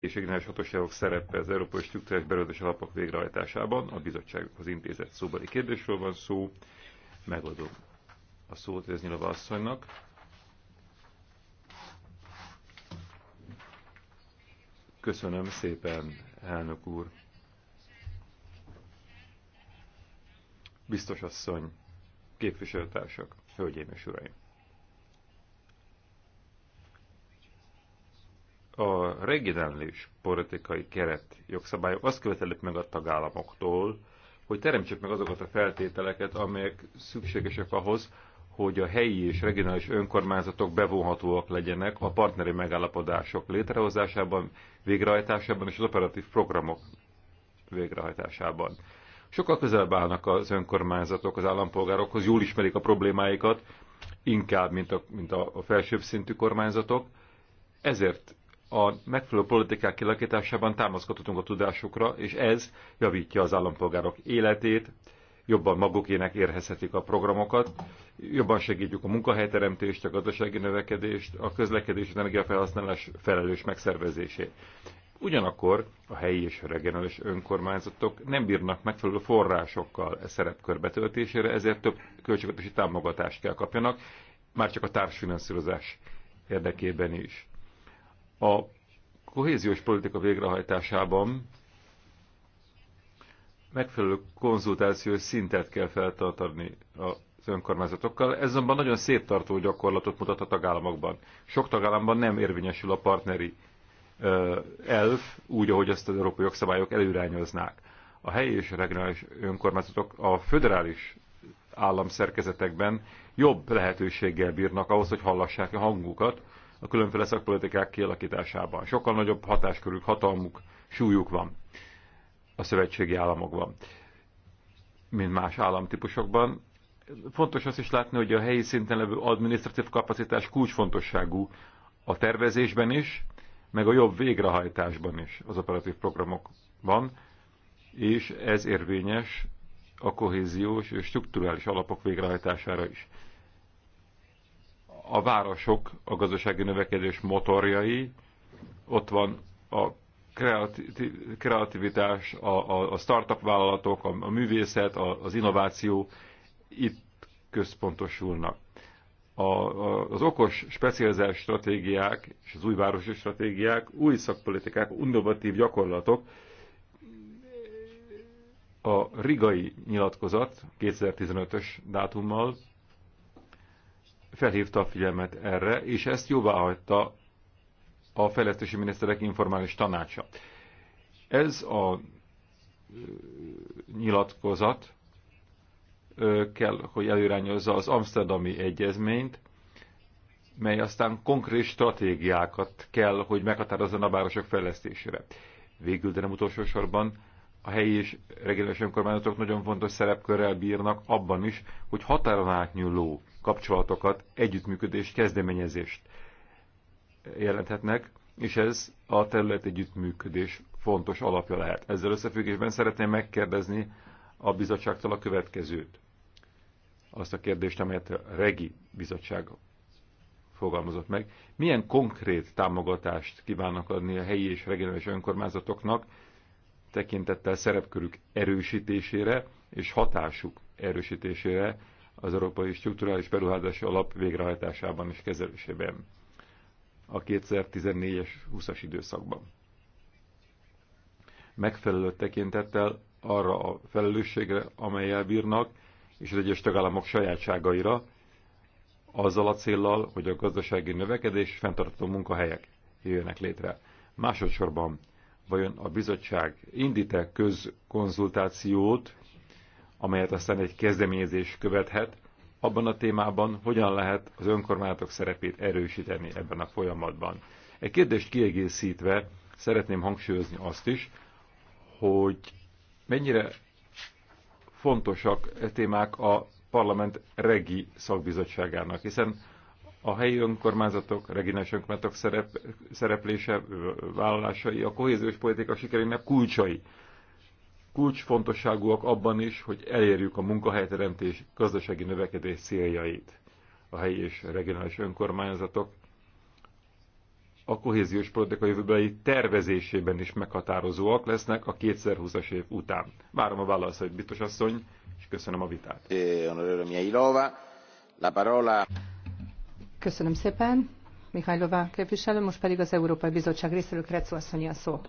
és regionális hatóságok szerepe az Európai Struktúrás Berőzés Alapok végrehajtásában. A bizottsághoz intézett szóbeli kérdésről van szó. Megadom a szót Öznyilova asszonynak. Köszönöm szépen, elnök úr. Biztos asszony, képviselőtársak, hölgyeim és uraim. a regionális politikai keret jogszabályok azt követelik meg a tagállamoktól, hogy teremtsük meg azokat a feltételeket, amelyek szükségesek ahhoz, hogy a helyi és regionális önkormányzatok bevonhatóak legyenek a partneri megállapodások létrehozásában, végrehajtásában és az operatív programok végrehajtásában. Sokkal közelebb állnak az önkormányzatok az állampolgárokhoz, jól ismerik a problémáikat, inkább, mint a, mint a felsőbb szintű kormányzatok, ezért a megfelelő politikák kilakításában támaszkodhatunk a tudásukra, és ez javítja az állampolgárok életét, jobban magukének érhezhetik a programokat, jobban segítjük a munkahelyteremtést, a gazdasági növekedést, a közlekedés és energiafelhasználás felelős megszervezését. Ugyanakkor a helyi és regionális önkormányzatok nem bírnak megfelelő forrásokkal e szerepkör betöltésére, ezért több költségvetési támogatást kell kapjanak, már csak a társfinanszírozás érdekében is. A kohéziós politika végrehajtásában megfelelő konzultációs szintet kell feltartani az önkormányzatokkal. Ez azonban nagyon széttartó gyakorlatot mutat a tagállamokban. Sok tagállamban nem érvényesül a partneri elf, úgy, ahogy azt az európai jogszabályok előrányoznák. A helyi és regionális önkormányzatok a föderális államszerkezetekben jobb lehetőséggel bírnak ahhoz, hogy hallassák a hangukat, a különféle szakpolitikák kialakításában. Sokkal nagyobb hatáskörük, hatalmuk, súlyuk van a szövetségi államokban, mint más államtípusokban. Fontos azt is látni, hogy a helyi szinten levő adminisztratív kapacitás kulcsfontosságú a tervezésben is, meg a jobb végrehajtásban is az operatív programokban, és ez érvényes a kohéziós és strukturális alapok végrehajtására is a városok a gazdasági növekedés motorjai, ott van a kreativitás, a, a, a startup vállalatok, a, a művészet, a, az innováció itt központosulnak. A, a, az okos specializált stratégiák és az új városi stratégiák, új szakpolitikák, innovatív gyakorlatok, a rigai nyilatkozat 2015-ös dátummal felhívta a figyelmet erre, és ezt jóvá hagyta a fejlesztési miniszterek informális tanácsa. Ez a nyilatkozat kell, hogy előrányozza az Amsterdami Egyezményt, mely aztán konkrét stratégiákat kell, hogy meghatározzon a városok fejlesztésére. Végül, de nem utolsó sorban, a helyi és regionális önkormányzatok nagyon fontos szerepkörrel bírnak abban is, hogy határon átnyúló kapcsolatokat, együttműködést, kezdeményezést jelenthetnek, és ez a terület együttműködés fontos alapja lehet. Ezzel összefüggésben szeretném megkérdezni a bizottságtól a következőt. Azt a kérdést, amelyet a Regi bizottság fogalmazott meg. Milyen konkrét támogatást kívánnak adni a helyi és regionális önkormányzatoknak tekintettel szerepkörük erősítésére és hatásuk erősítésére az Európai Strukturális Beruházási Alap végrehajtásában és kezelésében a 2014-es 20-as időszakban. Megfelelő tekintettel arra a felelősségre, amelyel bírnak, és az egyes tagállamok sajátságaira, azzal a céllal, hogy a gazdasági növekedés és munkahelyek jöjjenek létre. Másodszorban vajon a bizottság indít-e közkonzultációt amelyet aztán egy kezdeményezés követhet, abban a témában hogyan lehet az önkormányzatok szerepét erősíteni ebben a folyamatban. Egy kérdést kiegészítve szeretném hangsúlyozni azt is, hogy mennyire fontosak e témák a parlament regi szakbizottságának, hiszen a helyi önkormányzatok, regionális önkormányzatok szerep, szereplése, vállalásai a kohéziós politika sikerének kulcsai kulcsfontosságúak abban is, hogy elérjük a munkahelyteremtés gazdasági növekedés céljait. A helyi és regionális önkormányzatok a kohéziós politika jövőbeli tervezésében is meghatározóak lesznek a 2020-as év után. Várom a válaszait, biztos asszony, és köszönöm a vitát. Eh, köszönöm szépen. Mihajlová képviselő, most pedig az Európai Bizottság részéről Kretszó asszony a szó.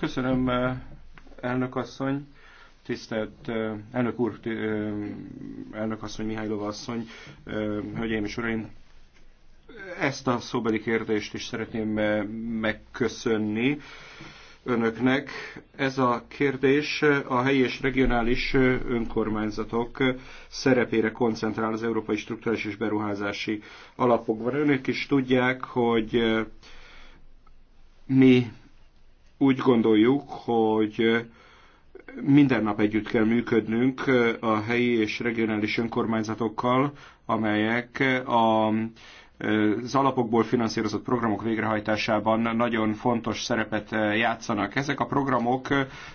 Köszönöm, eh, elnök asszony. Tisztelt eh, elnök úr, eh, elnök asszony, Mihálylova asszony, hölgyeim és uraim, ezt a szóbeli kérdést is szeretném megköszönni önöknek. Ez a kérdés a helyi és regionális önkormányzatok szerepére koncentrál az Európai Strukturális és Beruházási Alapokban. Önök is tudják, hogy mi úgy gondoljuk, hogy minden nap együtt kell működnünk a helyi és regionális önkormányzatokkal, amelyek a az alapokból finanszírozott programok végrehajtásában nagyon fontos szerepet eh, játszanak. Ezek a programok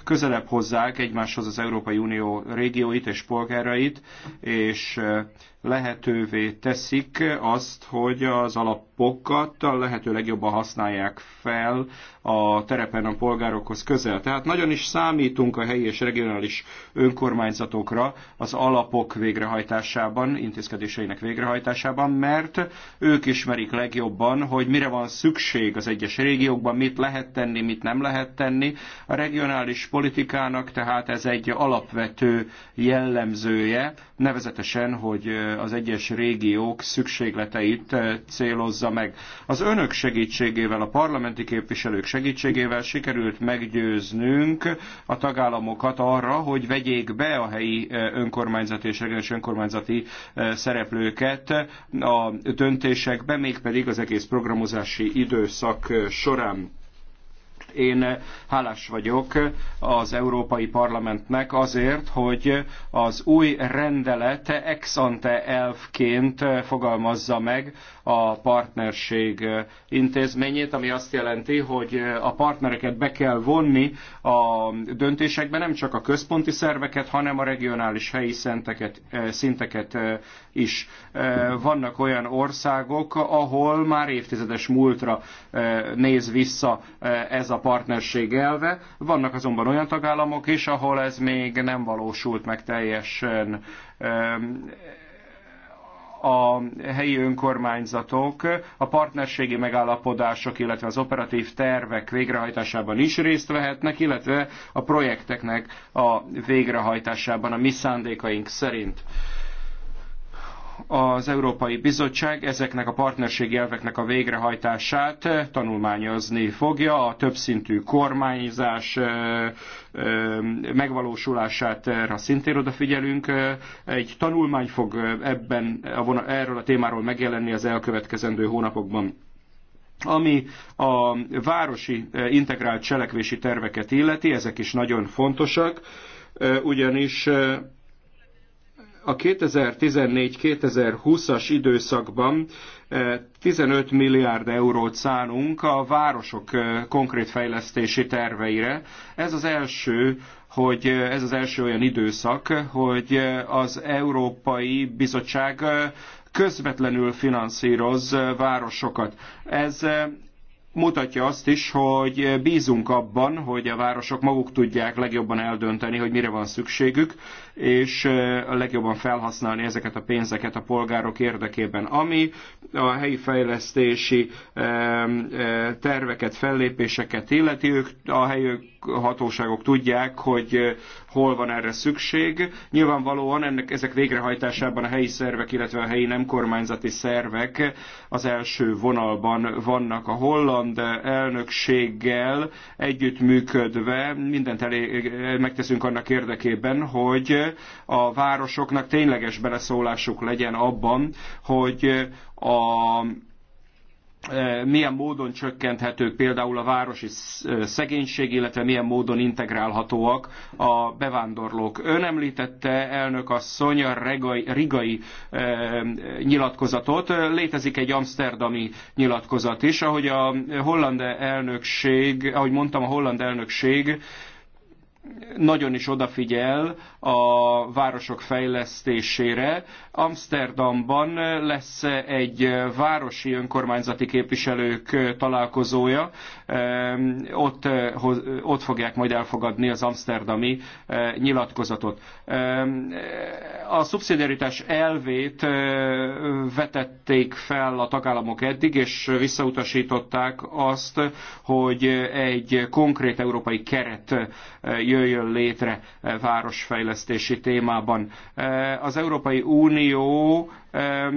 közelebb hozzák egymáshoz az Európai Unió régióit és polgárait, és eh, lehetővé teszik azt, hogy az alapokat a lehető legjobban használják fel a terepen a polgárokhoz közel. Tehát nagyon is számítunk a helyi és regionális önkormányzatokra az alapok végrehajtásában, intézkedéseinek végrehajtásában, mert ők ők ismerik legjobban, hogy mire van szükség az egyes régiókban, mit lehet tenni, mit nem lehet tenni. A regionális politikának tehát ez egy alapvető jellemzője, nevezetesen, hogy az egyes régiók szükségleteit célozza meg. Az önök segítségével, a parlamenti képviselők segítségével sikerült meggyőznünk a tagállamokat arra, hogy vegyék be a helyi önkormányzati és regionális önkormányzati szereplőket a döntésekbe, mégpedig az egész programozási időszak során. Én hálás vagyok az Európai Parlamentnek azért, hogy az új rendelet ex ante elfként fogalmazza meg a partnerség intézményét, ami azt jelenti, hogy a partnereket be kell vonni a döntésekbe, nem csak a központi szerveket, hanem a regionális helyi szenteket, szinteket is. Vannak olyan országok, ahol már évtizedes múltra néz vissza ez a partnerség elve. Vannak azonban olyan tagállamok is, ahol ez még nem valósult meg teljesen a helyi önkormányzatok a partnerségi megállapodások, illetve az operatív tervek végrehajtásában is részt vehetnek, illetve a projekteknek a végrehajtásában a mi szándékaink szerint az Európai Bizottság ezeknek a partnerségi elveknek a végrehajtását tanulmányozni fogja, a többszintű kormányzás megvalósulására szintén odafigyelünk. Egy tanulmány fog ebben a erről a témáról megjelenni az elkövetkezendő hónapokban ami a városi integrált cselekvési terveket illeti, ezek is nagyon fontosak, ugyanis a 2014-2020-as időszakban 15 eh, milliárd eurót szánunk a városok eh, konkrét fejlesztési terveire. Ez az első hogy eh, ez az első olyan időszak, hogy az Európai Bizottság közvetlenül finanszíroz városokat. Ez mutatja azt is, hogy bízunk abban, hogy a városok maguk tudják legjobban eldönteni, hogy mire van szükségük, és a legjobban felhasználni ezeket a pénzeket a polgárok érdekében. Ami a helyi fejlesztési terveket, fellépéseket illeti, ők a helyi hatóságok tudják, hogy hol van erre szükség. Nyilvánvalóan ennek, ezek végrehajtásában a helyi szervek, illetve a helyi nem kormányzati szervek az első vonalban vannak. A holland elnökséggel együttműködve mindent elég, megteszünk annak érdekében, hogy a városoknak tényleges beleszólásuk legyen abban, hogy a e, milyen módon csökkenthetők például a városi e, szegénység, illetve milyen módon integrálhatóak a bevándorlók. Ön említette, elnök asszony, a regai, rigai e, nyilatkozatot. Létezik egy amsterdami nyilatkozat is, ahogy a holland elnökség, ahogy mondtam, a holland elnökség nagyon is odafigyel a városok fejlesztésére. Amsterdamban lesz egy városi önkormányzati képviselők találkozója, ott, ott fogják majd elfogadni az amsterdami eh, nyilatkozatot. A szubszidiaritás elvét eh, vetették fel a tagállamok eddig, és visszautasították azt, hogy egy konkrét európai keret eh, jön jöjjön létre eh, városfejlesztési témában. Eh, az Európai Unió eh,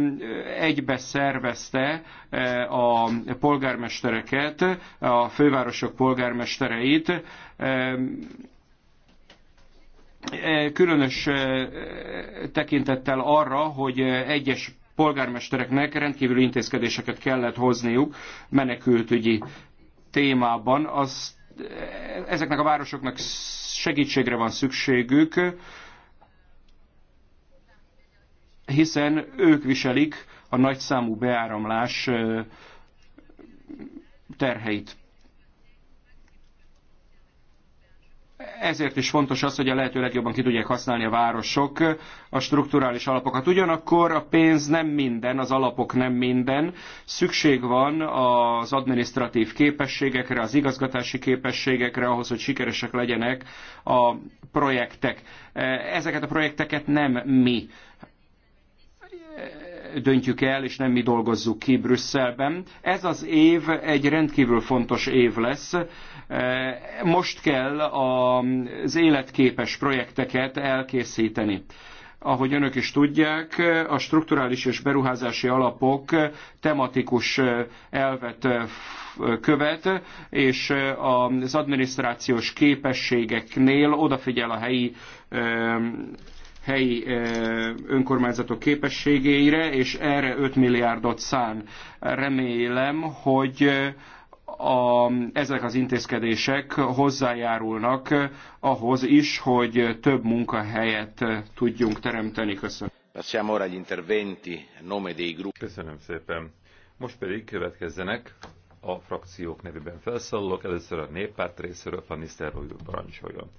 egybe szervezte a polgármestereket, a fővárosok polgármestereit, különös tekintettel arra, hogy egyes polgármestereknek rendkívüli intézkedéseket kellett hozniuk menekültügyi témában. Az, ezeknek a városoknak segítségre van szükségük, hiszen ők viselik a nagyszámú beáramlás terheit. ezért is fontos az, hogy a lehető legjobban ki tudják használni a városok a strukturális alapokat. Ugyanakkor a pénz nem minden, az alapok nem minden. Szükség van az administratív képességekre, az igazgatási képességekre, ahhoz, hogy sikeresek legyenek a projektek. Ezeket a projekteket nem mi döntjük el, és nem mi dolgozzuk ki Brüsszelben. Ez az év egy rendkívül fontos év lesz. Eh, most kell az életképes projekteket elkészíteni ahogy önök is tudják, a strukturális és beruházási alapok tematikus elvet követ, és az adminisztrációs képességeknél odafigyel a helyi eh, helyi önkormányzatok képességeire, és erre 5 milliárdot szán. Remélem, hogy a, ezek az intézkedések hozzájárulnak ahhoz is, hogy több munkahelyet tudjunk teremteni. Köszönöm. interventi a Köszönöm szépen. Most pedig következzenek a frakciók nevében felszólalok. Először a néppárt részéről Fanny Szerrojú parancsoljon.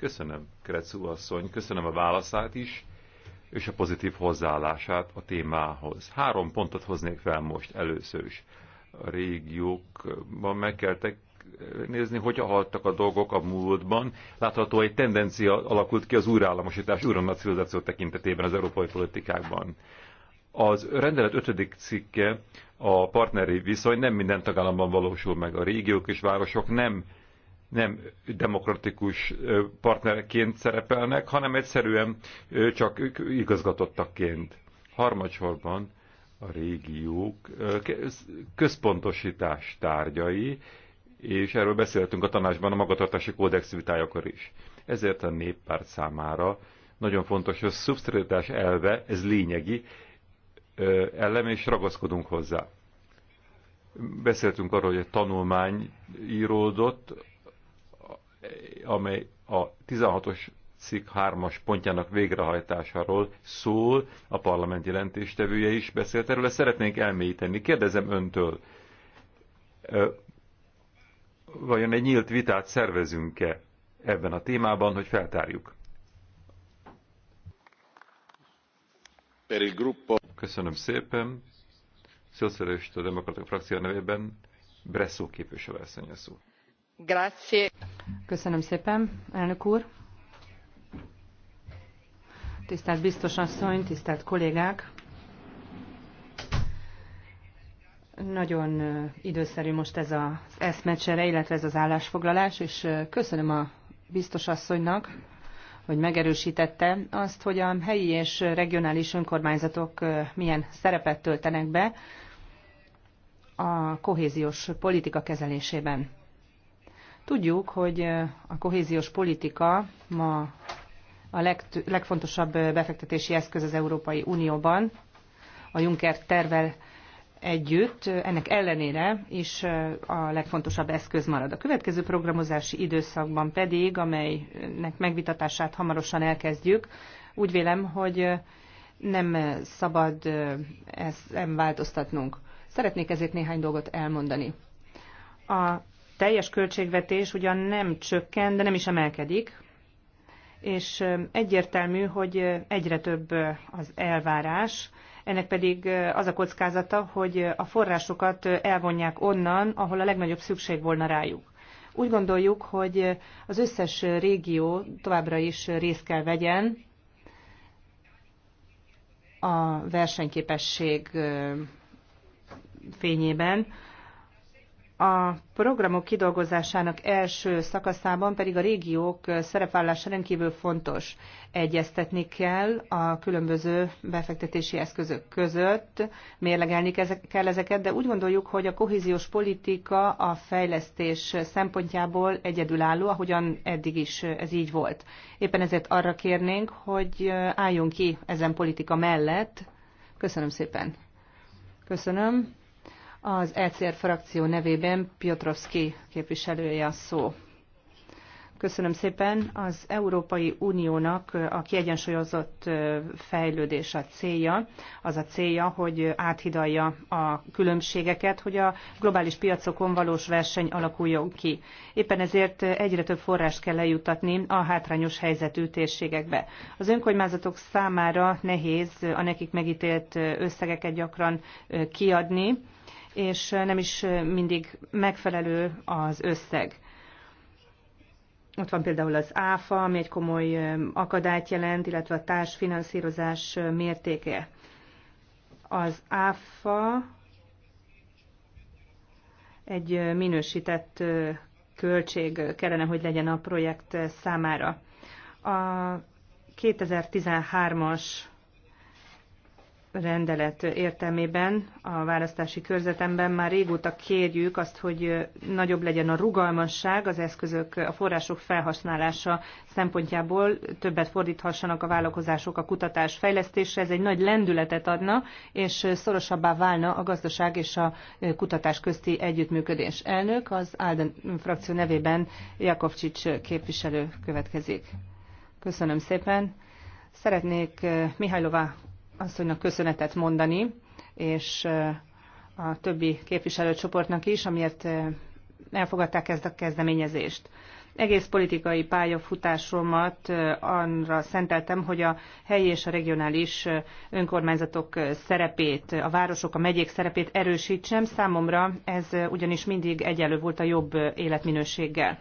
Köszönöm, Kretszú asszony, köszönöm a válaszát is, és a pozitív hozzáállását a témához. Három pontot hoznék fel most először is. A régiókban meg kell nézni, hogy haltak a dolgok a múltban. Látható egy tendencia alakult ki az újraállamosítás, újranacionalizáció tekintetében az európai politikákban. Az rendelet ötödik cikke a partneri viszony nem minden tagállamban valósul meg. A régiók és városok nem nem demokratikus partnerként szerepelnek, hanem egyszerűen csak igazgatottakként. Harmadsorban a régiók központosítás tárgyai, és erről beszéltünk a tanácsban a magatartási kódex vitájakor is. Ezért a néppárt számára nagyon fontos, hogy a szubszidiaritás elve, ez lényegi, elem, és ragaszkodunk hozzá. Beszéltünk arról, hogy egy tanulmány íródott amely a 16-os cikk 3-as pontjának végrehajtásáról szól, a parlament jelentéstevője is beszélt erről, ezt szeretnénk elmélyíteni. Kérdezem öntől, vajon egy nyílt vitát szervezünk-e ebben a témában, hogy feltárjuk? Köszönöm szépen. a Demokratikus frakció nevében Bresszó képviselő elszonyasszó. Grazie. Köszönöm szépen, elnök úr. Tisztelt biztos asszony, tisztelt kollégák! Nagyon időszerű most ez az eszmecsere, illetve ez az állásfoglalás, és köszönöm a biztos asszonynak, hogy megerősítette azt, hogy a helyi és regionális önkormányzatok milyen szerepet töltenek be a kohéziós politika kezelésében. Tudjuk, hogy a kohéziós politika ma a legfontosabb befektetési eszköz az Európai Unióban, a Juncker tervel együtt, ennek ellenére is a legfontosabb eszköz marad. A következő programozási időszakban pedig, amelynek megvitatását hamarosan elkezdjük, úgy vélem, hogy nem szabad ezt változtatnunk. Szeretnék ezért néhány dolgot elmondani. A teljes költségvetés ugyan nem csökken, de nem is emelkedik, és egyértelmű, hogy egyre több az elvárás, ennek pedig az a kockázata, hogy a forrásokat elvonják onnan, ahol a legnagyobb szükség volna rájuk. Úgy gondoljuk, hogy az összes régió továbbra is részt kell vegyen a versenyképesség fényében, a programok kidolgozásának első szakaszában pedig a régiók szerepvállása rendkívül fontos. Egyeztetni kell a különböző befektetési eszközök között, mérlegelni kell ezeket, de úgy gondoljuk, hogy a kohéziós politika a fejlesztés szempontjából egyedülálló, ahogyan eddig is ez így volt. Éppen ezért arra kérnénk, hogy álljunk ki ezen politika mellett. Köszönöm szépen. Köszönöm. Az ECR frakció nevében Piotrowski képviselője a szó. Köszönöm szépen. Az Európai Uniónak a kiegyensúlyozott fejlődés a célja. Az a célja, hogy áthidalja a különbségeket, hogy a globális piacokon valós verseny alakuljon ki. Éppen ezért egyre több forrást kell eljutatni a hátrányos helyzetű térségekbe. Az önkormányzatok számára nehéz a nekik megítélt összegeket gyakran kiadni, és nem is mindig megfelelő az összeg. Ott van például az ÁFA, ami egy komoly akadályt jelent, illetve a társfinanszírozás mértéke. Az ÁFA egy minősített költség kellene, hogy legyen a projekt számára. A 2013-as rendelet értelmében a választási körzetemben már régóta kérjük azt, hogy nagyobb legyen a rugalmasság, az eszközök, a források felhasználása szempontjából többet fordíthassanak a vállalkozások a kutatás fejlesztésre. Ez egy nagy lendületet adna, és szorosabbá válna a gazdaság és a kutatás közti együttműködés. Elnök az Álden frakció nevében Jakovcsics képviselő következik. Köszönöm szépen. Szeretnék Mihajlová asszonynak köszönetet mondani, és a többi képviselőcsoportnak is, amiért elfogadták ezt a kezdeményezést. Egész politikai pályafutásomat arra szenteltem, hogy a helyi és a regionális önkormányzatok szerepét, a városok, a megyék szerepét erősítsem. Számomra ez ugyanis mindig egyelő volt a jobb életminőséggel.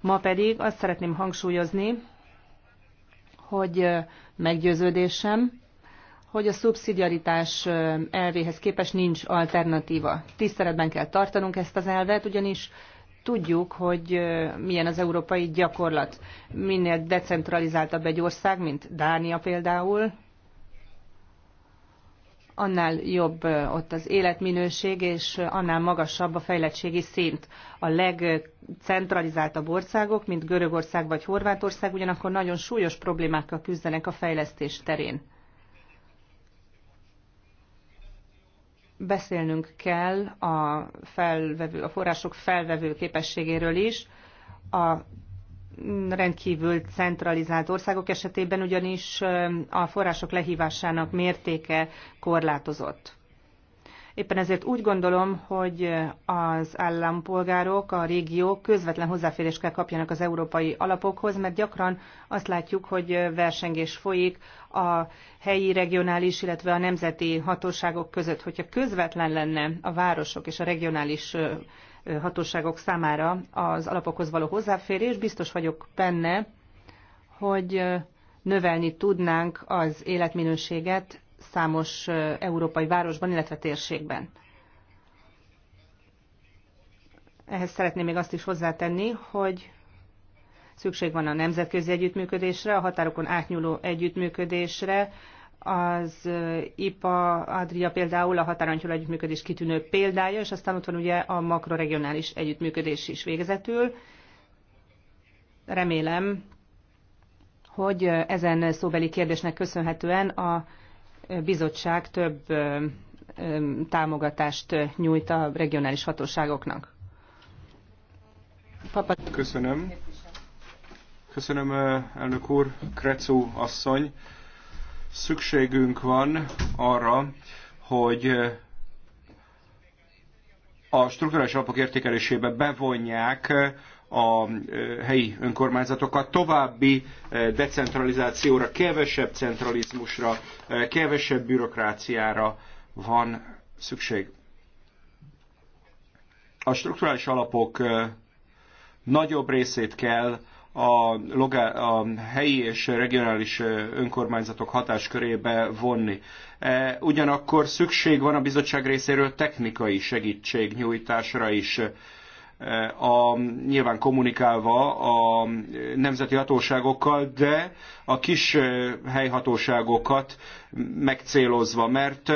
Ma pedig azt szeretném hangsúlyozni, hogy meggyőződésem, hogy a szubszidiaritás elvéhez képest nincs alternatíva. Tiszteletben kell tartanunk ezt az elvet, ugyanis tudjuk, hogy milyen az európai gyakorlat. Minél decentralizáltabb egy ország, mint Dánia például, annál jobb ott az életminőség, és annál magasabb a fejlettségi szint. A legcentralizáltabb országok, mint Görögország vagy Horvátország, ugyanakkor nagyon súlyos problémákkal küzdenek a fejlesztés terén. beszélnünk kell a, felvevő, a források felvevő képességéről is. A rendkívül centralizált országok esetében ugyanis a források lehívásának mértéke korlátozott. Éppen ezért úgy gondolom, hogy az állampolgárok, a régiók közvetlen hozzáférést kell kapjanak az európai alapokhoz, mert gyakran azt látjuk, hogy versengés folyik a helyi, regionális, illetve a nemzeti hatóságok között. Hogyha közvetlen lenne a városok és a regionális hatóságok számára az alapokhoz való hozzáférés, biztos vagyok benne, hogy növelni tudnánk az életminőséget számos európai városban, illetve térségben. Ehhez szeretném még azt is hozzátenni, hogy szükség van a nemzetközi együttműködésre, a határokon átnyúló együttműködésre, az IPA, Adria például a határonyhol együttműködés kitűnő példája, és aztán ott van ugye a makroregionális együttműködés is végezetül. Remélem, hogy ezen szóbeli kérdésnek köszönhetően a bizottság több támogatást nyújt a regionális hatóságoknak. Papa... Köszönöm. Köszönöm, elnök úr, Krecu asszony. Szükségünk van arra, hogy a strukturális alapok értékelésébe bevonják a helyi önkormányzatokat további decentralizációra, kevesebb centralizmusra, kevesebb bürokráciára van szükség. A strukturális alapok nagyobb részét kell a, logá, a helyi és regionális önkormányzatok hatáskörébe vonni. Ugyanakkor szükség van a bizottság részéről technikai segítségnyújtásra is a, nyilván kommunikálva a nemzeti hatóságokkal, de a kis helyhatóságokat megcélozva, mert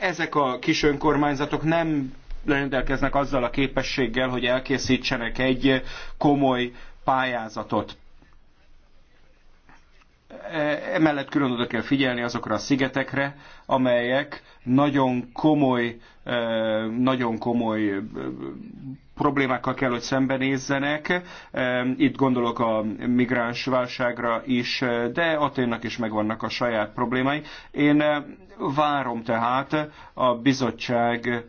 ezek a kis önkormányzatok nem rendelkeznek azzal a képességgel, hogy elkészítsenek egy komoly pályázatot. Emellett külön oda kell figyelni azokra a szigetekre, amelyek nagyon komoly, eh, nagyon komoly eh, problémákkal kell, hogy szembenézzenek. Eh, itt gondolok a migráns válságra is, de Aténnak is megvannak a saját problémái. Én várom tehát a bizottság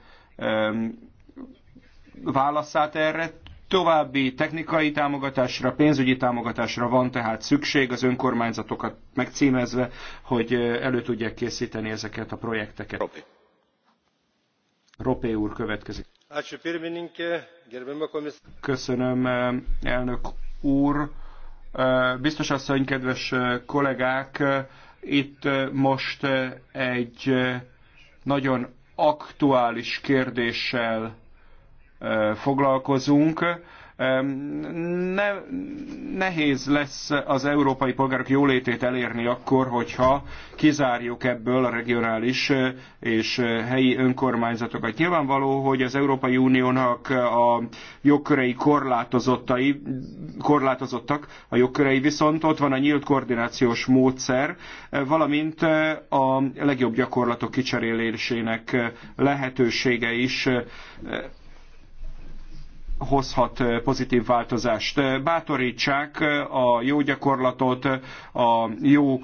válaszát erre. További technikai támogatásra, pénzügyi támogatásra van tehát szükség az önkormányzatokat megcímezve, hogy elő tudják készíteni ezeket a projekteket. Ropé, Ropé úr következik. Köszönöm, elnök úr. Biztos asszony, kedves kollégák, itt most egy nagyon aktuális kérdéssel foglalkozunk. Ne, nehéz lesz az európai polgárok jólétét elérni akkor, hogyha kizárjuk ebből a regionális és helyi önkormányzatokat. Nyilvánvaló, hogy az Európai Uniónak a jogkörei korlátozottai, korlátozottak, a jogkörei viszont ott van a nyílt koordinációs módszer, valamint a legjobb gyakorlatok kicserélésének lehetősége is hozhat pozitív változást. Bátorítsák a jó gyakorlatot, a jó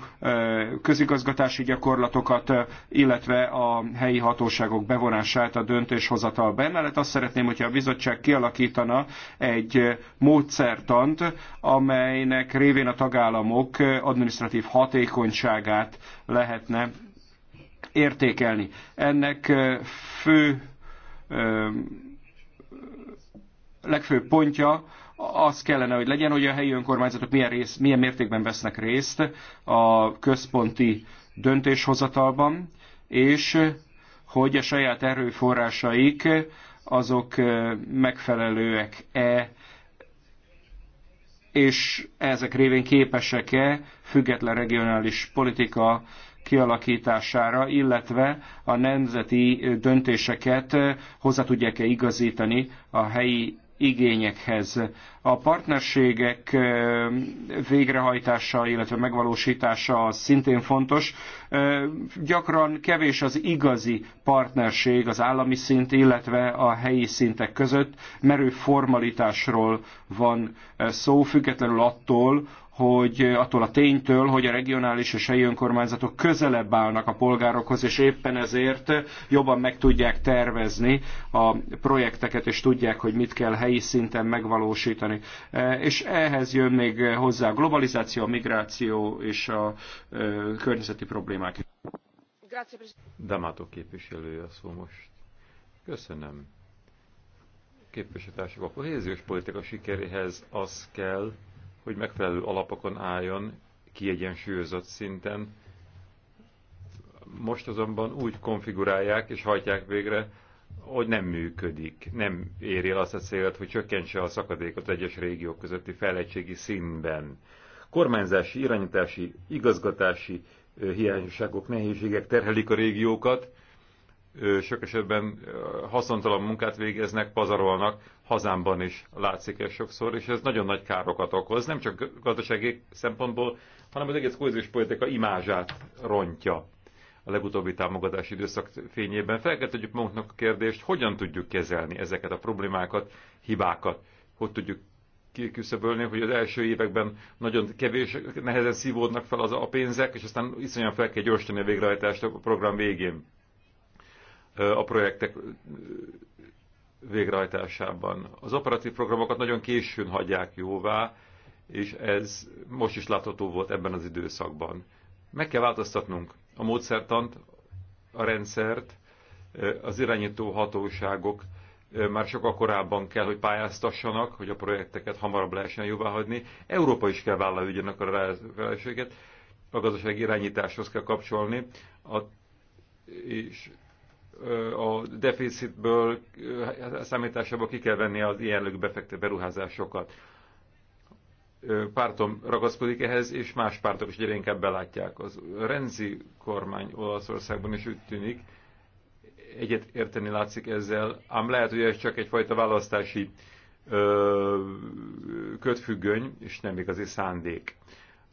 közigazgatási gyakorlatokat, illetve a helyi hatóságok bevonását a döntéshozatalba. Emellett azt szeretném, hogyha a bizottság kialakítana egy módszertant, amelynek révén a tagállamok administratív hatékonyságát lehetne értékelni. Ennek fő legfőbb pontja az kellene, hogy legyen, hogy a helyi önkormányzatok milyen, rész, milyen mértékben vesznek részt a központi döntéshozatalban, és hogy a saját erőforrásaik azok megfelelőek-e, és ezek révén képesek-e független regionális politika kialakítására, illetve a nemzeti döntéseket hozzá tudják-e igazítani a helyi igényekhez. A partnerségek végrehajtása, illetve megvalósítása az szintén fontos. Gyakran kevés az igazi partnerség az állami szint, illetve a helyi szintek között, merő formalitásról van szó, függetlenül attól, hogy attól a ténytől, hogy a regionális és helyi önkormányzatok közelebb állnak a polgárokhoz, és éppen ezért jobban meg tudják tervezni a projekteket, és tudják, hogy mit kell helyi szinten megvalósítani. E, és ehhez jön még hozzá a globalizáció, a migráció és a e, környezeti problémák. Damato képviselője a szó most. Köszönöm. Képviselőtársak, a kohéziós politika sikeréhez az kell, hogy megfelelő alapokon álljon, kiegyensúlyozott szinten. Most azonban úgy konfigurálják és hajtják végre, hogy nem működik, nem éri el azt a célt, hogy csökkentse a szakadékot egyes régiók közötti fejlettségi színben. Kormányzási, irányítási, igazgatási hiányosságok, nehézségek terhelik a régiókat, sok esetben haszontalan munkát végeznek, pazarolnak, hazámban is látszik ez sokszor, és ez nagyon nagy károkat okoz, nem csak gazdasági szempontból, hanem az egész kohéziós politika imázsát rontja a legutóbbi támogatási időszak fényében. Fel magunknak a kérdést, hogyan tudjuk kezelni ezeket a problémákat, hibákat, hogy tudjuk kiküszöbölni, hogy az első években nagyon kevés, nehezen szívódnak fel az a pénzek, és aztán iszonyan fel kell gyorsítani a végrehajtást a program végén. A projektek végrehajtásában. Az operatív programokat nagyon későn hagyják jóvá, és ez most is látható volt ebben az időszakban. Meg kell változtatnunk a módszertant, a rendszert, az irányító hatóságok már sokkal korábban kell, hogy pályáztassanak, hogy a projekteket hamarabb lehessen hagyni. Európa is kell vállalni ugyanak a felelősséget, a gazdasági irányításhoz kell kapcsolni, a, és a deficitből, a számításából ki kell venni az ilyen befektő beruházásokat. Pártom ragaszkodik ehhez, és más pártok is egyre inkább belátják. Az Renzi kormány Olaszországban is úgy tűnik, egyet érteni látszik ezzel, ám lehet, hogy ez csak egyfajta választási ö, kötfüggöny, és nem igazi szándék.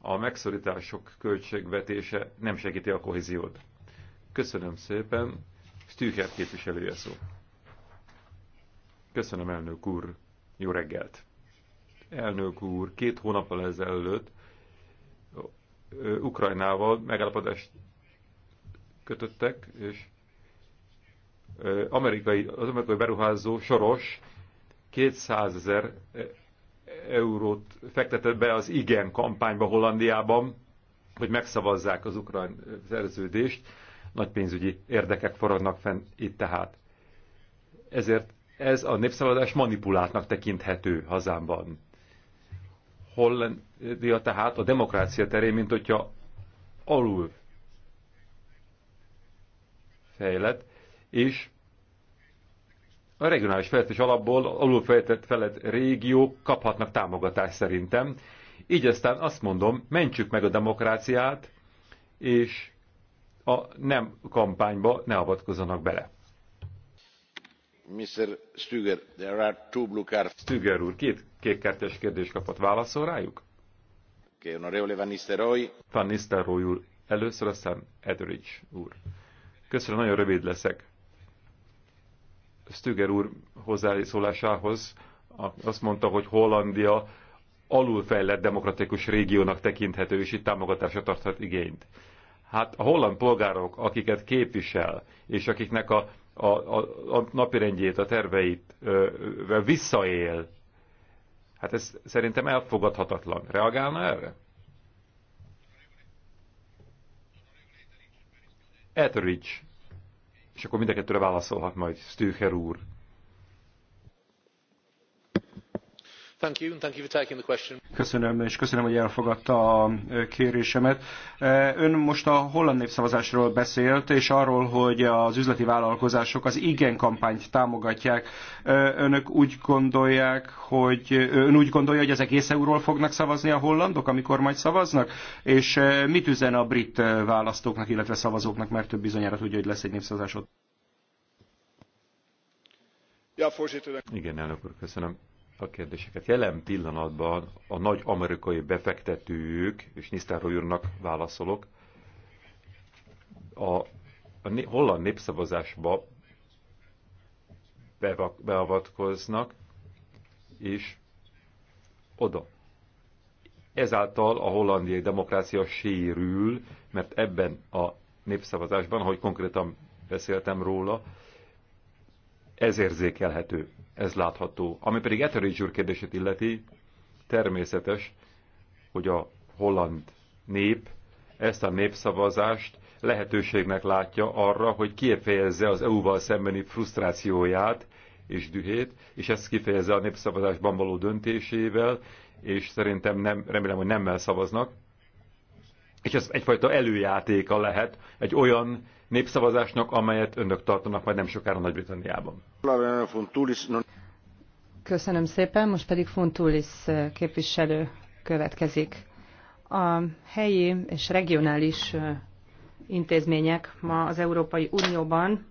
A megszorítások költségvetése nem segíti a kohéziót. Köszönöm szépen! Stücher képviselője szó. Köszönöm, elnök úr. Jó reggelt. Elnök úr, két hónappal ezelőtt Ukrajnával megállapodást kötöttek, és amerikai, az amerikai beruházó Soros 200 ezer eurót fektetett be az Igen kampányba Hollandiában, hogy megszavazzák az ukrán szerződést. Nagy pénzügyi érdekek forognak fenn itt tehát. Ezért ez a népszavazás manipulátnak tekinthető hazámban. Hollandia tehát a demokrácia terén, mint hogyha alul fejlett, és a regionális fejlesztés alapból alulfejlett felett régiók kaphatnak támogatást szerintem. Így aztán azt mondom, mentsük meg a demokráciát, és a nem kampányba ne avatkozzanak bele. Mr. Stüger, there are two blue cards. Stüger úr, két kékkártyás kérdés kapott, válaszol rájuk? Okay, honorable Van Nistelrooy. Van Nistelrooy úr, először aztán Etheridge úr. Köszönöm, nagyon rövid leszek. Stüger úr hozzászólásához azt mondta, hogy Hollandia alulfejlett demokratikus régiónak tekinthető, és itt támogatásra tarthat igényt. Hát a holland polgárok, akiket képvisel, és akiknek a, a, a, a napirendjét, a terveit ö, visszaél, hát ez szerintem elfogadhatatlan. Reagálna erre? Etheridge. És akkor mind a válaszolhat majd Stücher úr. Köszönöm, és köszönöm, hogy elfogadta a kérésemet. Ön most a holland népszavazásról beszélt, és arról, hogy az üzleti vállalkozások az igen kampányt támogatják. Önök úgy gondolják, hogy ön úgy gondolja, hogy az egész euról fognak szavazni a hollandok, amikor majd szavaznak? És mit üzen a brit választóknak, illetve szavazóknak, mert több bizonyára tudja, hogy lesz egy népszavazás ott? Ja, Igen, elnök úr, köszönöm a kérdéseket. Jelen pillanatban a nagy amerikai befektetők, és Nisztáról úrnak válaszolok, a, a holland népszavazásba beavatkoznak, és oda. Ezáltal a hollandiai demokrácia sérül, mert ebben a népszavazásban, ahogy konkrétan beszéltem róla, ez érzékelhető ez látható. Ami pedig Etheridge úr kérdését illeti, természetes, hogy a holland nép ezt a népszavazást lehetőségnek látja arra, hogy kifejezze az EU-val szembeni frusztrációját és dühét, és ezt kifejezze a népszavazásban való döntésével, és szerintem nem, remélem, hogy nemmel szavaznak. És ez egyfajta előjátéka lehet egy olyan népszavazásnak, amelyet önök tartanak majd nem sokára Nagy-Britanniában. Köszönöm szépen, most pedig Fontulis eh, képviselő következik. A helyi és regionális eh, intézmények ma az Európai Unióban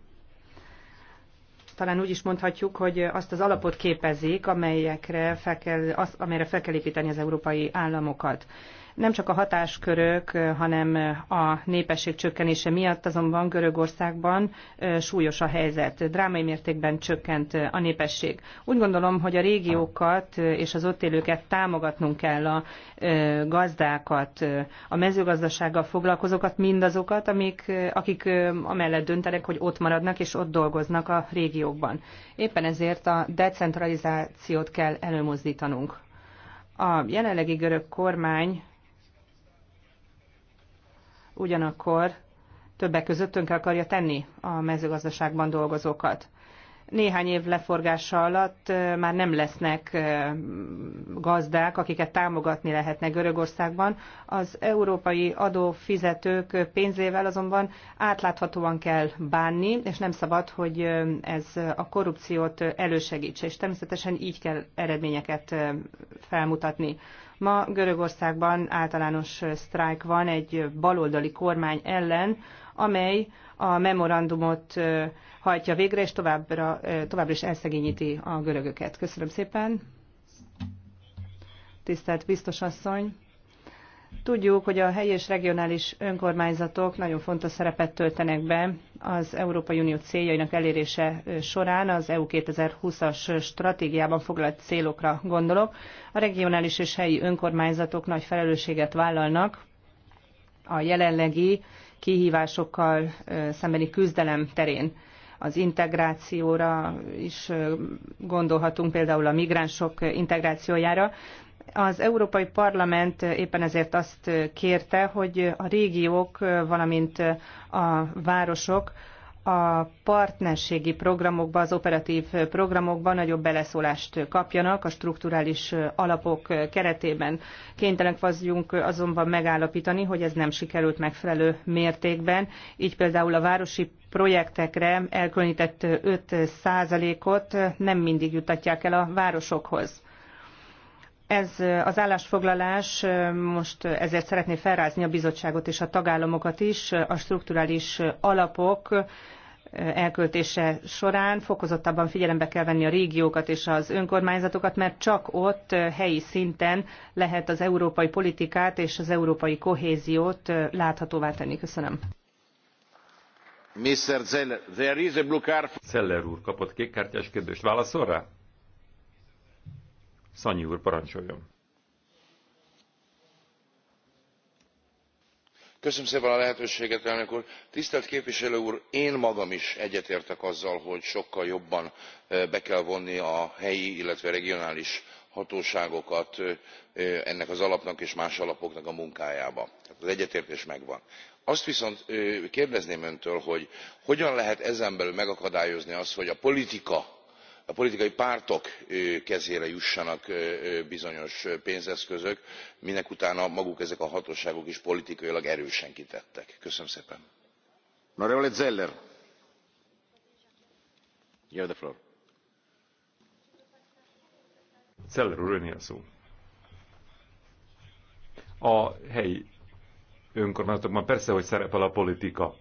talán úgy is mondhatjuk, hogy azt az alapot képezik, amelyekre fel kell, az, amelyre fel kell építeni az európai államokat nem csak a hatáskörök, hanem a népesség csökkenése miatt azonban Görögországban súlyos a helyzet. Drámai mértékben csökkent a népesség. Úgy gondolom, hogy a régiókat és az ott élőket támogatnunk kell a gazdákat, a mezőgazdasággal foglalkozókat, mindazokat, amik, akik amellett döntenek, hogy ott maradnak és ott dolgoznak a régiókban. Éppen ezért a decentralizációt kell előmozdítanunk. A jelenlegi görög kormány ugyanakkor többek között tönkre akarja tenni a mezőgazdaságban dolgozókat. Néhány év leforgása alatt már nem lesznek gazdák, akiket támogatni lehetne Görögországban. Az európai adófizetők pénzével azonban átláthatóan kell bánni, és nem szabad, hogy ez a korrupciót elősegítse, és természetesen így kell eredményeket felmutatni. Ma Görögországban általános sztrájk van egy baloldali kormány ellen, amely a memorandumot hajtja végre, és továbbra, továbbra is elszegényíti a görögöket. Köszönöm szépen. Tisztelt biztos asszony! Tudjuk, hogy a helyi és regionális önkormányzatok nagyon fontos szerepet töltenek be az Európai Unió céljainak elérése során, az EU 2020-as stratégiában foglalt célokra gondolok. A regionális és helyi önkormányzatok nagy felelősséget vállalnak a jelenlegi kihívásokkal szembeni küzdelem terén. Az integrációra is gondolhatunk, például a migránsok integrációjára, az Európai Parlament éppen ezért azt kérte, hogy a régiók, valamint a városok a partnerségi programokba, az operatív programokba nagyobb beleszólást kapjanak a strukturális alapok keretében. Kénytelenek vagyunk azonban megállapítani, hogy ez nem sikerült megfelelő mértékben, így például a városi projektekre elkülönített 5%-ot nem mindig jutatják el a városokhoz ez az állásfoglalás most ezért szeretné felrázni a bizottságot és a tagállamokat is a strukturális alapok elköltése során fokozottabban figyelembe kell venni a régiókat és az önkormányzatokat, mert csak ott helyi szinten lehet az európai politikát és az európai kohéziót láthatóvá tenni. Köszönöm. Mr. Zeller, there is a blue card. Zeller úr kapott kártyás kérdést. Válaszol rá? Szanyi úr, parancsoljon! Köszönöm szépen a lehetőséget, elnök úr. tisztelt képviselő úr én magam is egyetértek azzal hogy sokkal jobban be kell vonni a helyi illetve regionális hatóságokat ennek az alapnak és más alapoknak a munkájába. az egyetértés megvan. azt viszont kérdezném öntől hogy hogyan lehet ezen belül megakadályozni azt hogy a politika a politikai pártok kezére jussanak bizonyos pénzeszközök minekutána maguk ezek a hatóságok is politikailag erősen kitettek. köszönöm szépen! Zeller úr, önél szó. A helyi önkormányzatokban persze, hogy szerepel a politika.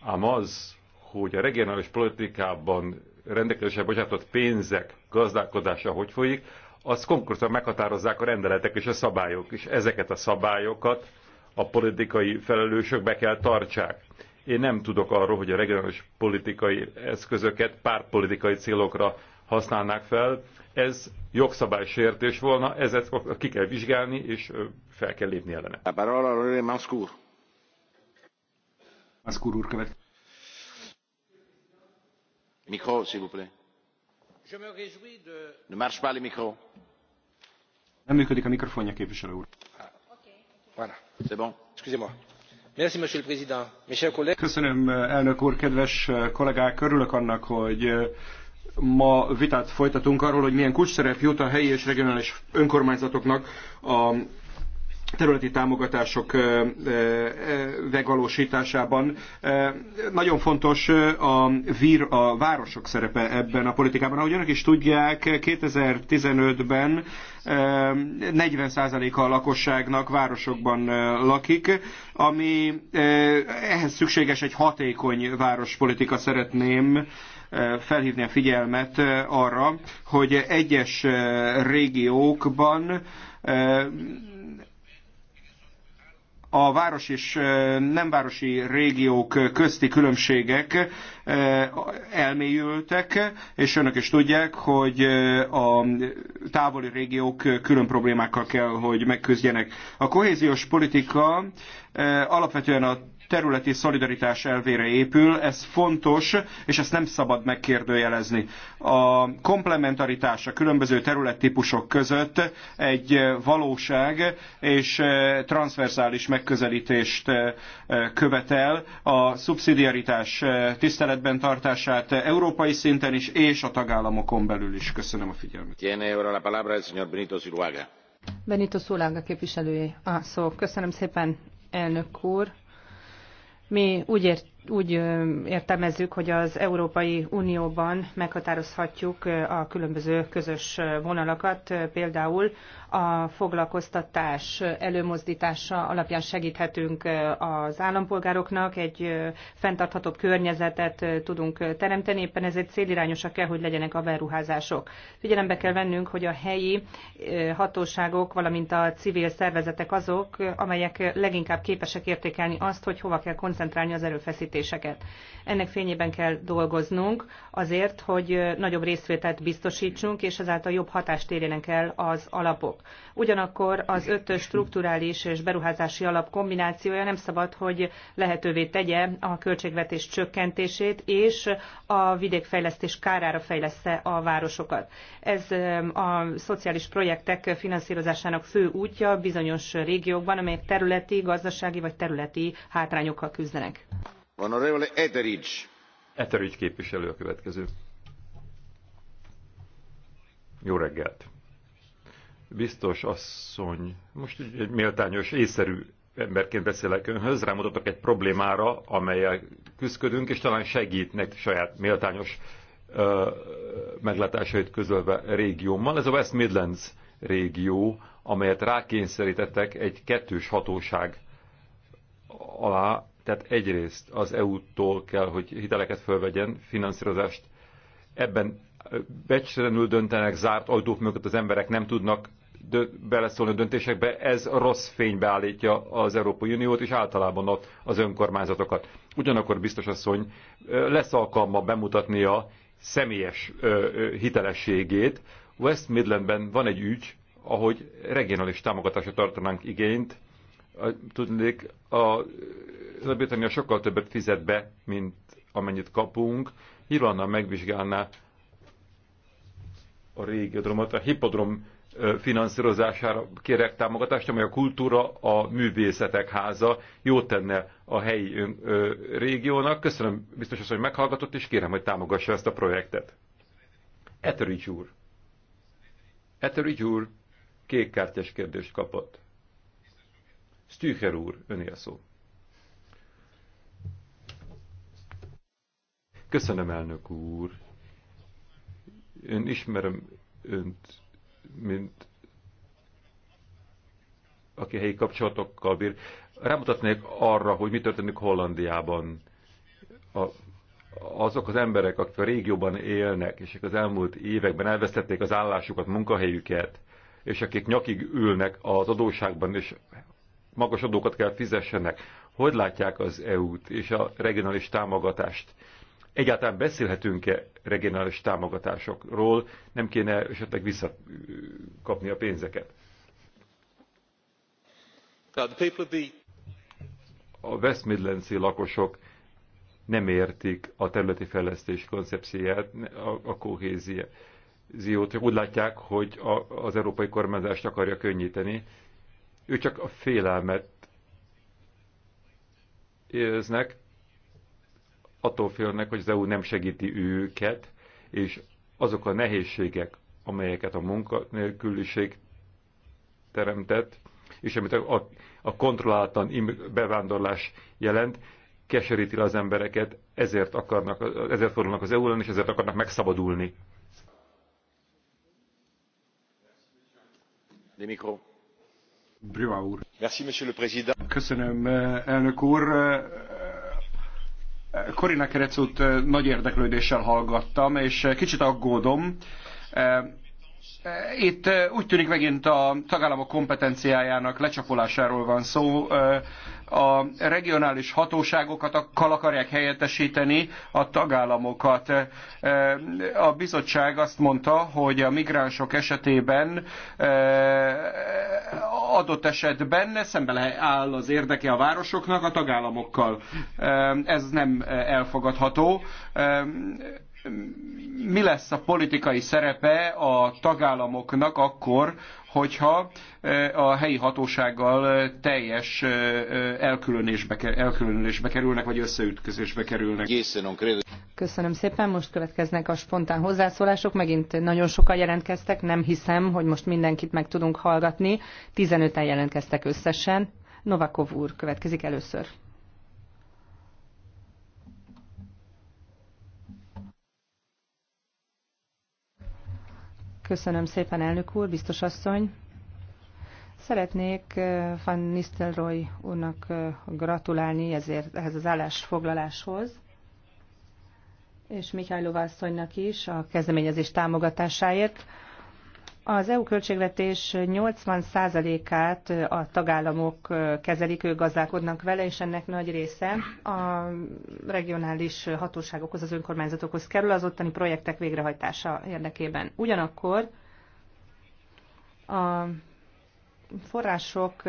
Ám az, hogy a regionális politikában rendelkezésre bocsátott pénzek gazdálkodása hogy folyik, az konkrétan meghatározzák a rendeletek és a szabályok, és ezeket a szabályokat a politikai felelősök be kell tartsák. Én nem tudok arról, hogy a regionális politikai eszközöket pártpolitikai célokra használnák fel. Ez jogszabálysértés volna, ezet ki kell vizsgálni, és fel kell lépni ellene. A parola Maszkúr úr követ. Ne Nem működik a mikrofonja, képviselő úr. Köszönöm, elnök úr, kedves kollégák, örülök annak, hogy eh, ma vitát folytatunk arról, hogy milyen kulcsszerep jut a helyi és regionális önkormányzatoknak a területi támogatások megvalósításában. Nagyon fontos a, vír, a városok szerepe ebben a politikában. Ahogy önök is tudják, 2015-ben 40%-a a lakosságnak városokban lakik, ami ehhez szükséges egy hatékony várospolitika szeretném felhívni a figyelmet arra, hogy egyes régiókban a város és nem városi régiók közti különbségek elmélyültek, és önök is tudják, hogy a távoli régiók külön problémákkal kell, hogy megküzdjenek. A kohéziós politika alapvetően a területi szolidaritás elvére épül, ez fontos, és ezt nem szabad megkérdőjelezni. A komplementaritás a különböző területtípusok között egy valóság és eh, transzverzális megközelítést eh, követel, a szubszidiaritás eh, tiszteletben tartását európai szinten is, és a tagállamokon belül is. Köszönöm a figyelmet. Benito Zuluaga képviselője. Ah, szó. Köszönöm szépen, elnök úr. Mi úgy, ért, úgy értelmezzük, hogy az Európai Unióban meghatározhatjuk a különböző közös vonalakat, például a foglalkoztatás előmozdítása alapján segíthetünk az állampolgároknak, egy fenntarthatóbb környezetet tudunk teremteni, éppen ezért célirányosak kell, hogy legyenek a beruházások. Figyelembe kell vennünk, hogy a helyi hatóságok, valamint a civil szervezetek azok, amelyek leginkább képesek értékelni azt, hogy hova kell koncentrálni az erőfeszítéseket. Ennek fényében kell dolgoznunk azért, hogy nagyobb részvételt biztosítsunk, és ezáltal jobb hatást érjenek el az alapok. Ugyanakkor az ötös strukturális és beruházási alap kombinációja nem szabad, hogy lehetővé tegye a költségvetés csökkentését, és a vidékfejlesztés kárára fejleszte a városokat. Ez um, a szociális projektek finanszírozásának fő útja bizonyos régiókban, amelyek területi, gazdasági vagy területi hátrányokkal küzdenek. Honorable Etheridge. Etheridge képviselő a következő. Jó reggelt! Biztos asszony, most egy méltányos, észszerű emberként beszélek önhöz, rámutatok egy problémára, amelyel küzdködünk, és talán segít nek saját méltányos ö, meglátásait közölve régiómmal. Ez a West Midlands régió, amelyet rákényszerítettek egy kettős hatóság alá, tehát egyrészt az EU-tól kell, hogy hiteleket fölvegyen, finanszírozást, ebben becsülenül döntenek, zárt ajtók mögött az emberek nem tudnak beleszólni a döntésekbe, ez rossz fénybe állítja az Európai Uniót és általában az önkormányzatokat. Ugyanakkor biztos asszony lesz alkalma bemutatnia személyes hitelességét. West Midlandben van egy ügy, ahogy regionális támogatásra tartanánk igényt, tudnék, a Britannia sokkal többet fizet be, mint amennyit kapunk. Irlanda megvizsgálná a régi a hipodrom finanszírozására kérek támogatást, amely a kultúra, a művészetek háza jót tenne a helyi ön, ö, régiónak. Köszönöm biztos, hogy meghallgatott, és kérem, hogy támogassa ezt a projektet. Etheridge úr. Etheridge úr kékkártyás kérdést kapott. Stücher úr, öné a szó. Köszönöm, elnök úr. Ön ismerem önt mint aki helyi kapcsolatokkal bír, rámutatnék arra, hogy mi történik Hollandiában. A, azok az emberek, akik a régióban élnek, és akik az elmúlt években elvesztették az állásukat, munkahelyüket, és akik nyakig ülnek az adóságban, és magas adókat kell fizessenek, hogy látják az EU-t és a regionális támogatást? egyáltalán beszélhetünk-e regionális támogatásokról, nem kéne esetleg visszakapni a pénzeket. A West midlands lakosok nem értik a területi fejlesztés koncepcióját, a, kohéziót. Úgy látják, hogy az európai kormányzást akarja könnyíteni. Ő csak a félelmet érznek, attól félnek, hogy az EU nem segíti őket, és azok a nehézségek, amelyeket a munkanélküliség teremtett, és amit a, a kontrolláltan bevándorlás jelent, keseríti az embereket, ezért, akarnak, ezért fordulnak az EU-len, és ezért akarnak megszabadulni. De mikro. Brüa úr. Merci, monsieur le président. Köszönöm, eh, elnök úr Korina Kerecut nagy érdeklődéssel hallgattam, és kicsit aggódom, Eh, itt eh, úgy tűnik megint a tagállamok kompetenciájának lecsapolásáról van szó. Eh, a regionális hatóságokat akarják helyettesíteni a tagállamokat. A bizottság azt mondta, hogy a migránsok esetében adott esetben szembe áll az érdeke a városoknak a tagállamokkal. Ez nem elfogadható mi lesz a politikai szerepe a tagállamoknak akkor, hogyha e, a helyi hatósággal teljes e, e, elkülönésbe, elkülönülésbe kerülnek, vagy összeütközésbe kerülnek. Köszönöm szépen, most következnek a spontán hozzászólások. Megint nagyon sokan jelentkeztek, nem hiszem, hogy most mindenkit meg tudunk hallgatni. 15-en jelentkeztek összesen. Novakov úr következik először. Köszönöm szépen, elnök úr, biztos asszony. Szeretnék eh, Van Nistelrooy úrnak eh, gratulálni ezért, ehhez az állásfoglaláshoz, és Mihály asszonynak is a kezdeményezés támogatásáért. Az EU költségvetés 80%-át a tagállamok kezelik, ők gazdálkodnak vele, és ennek nagy része a regionális hatóságokhoz, az önkormányzatokhoz kerül az ottani projektek végrehajtása érdekében. Ugyanakkor a források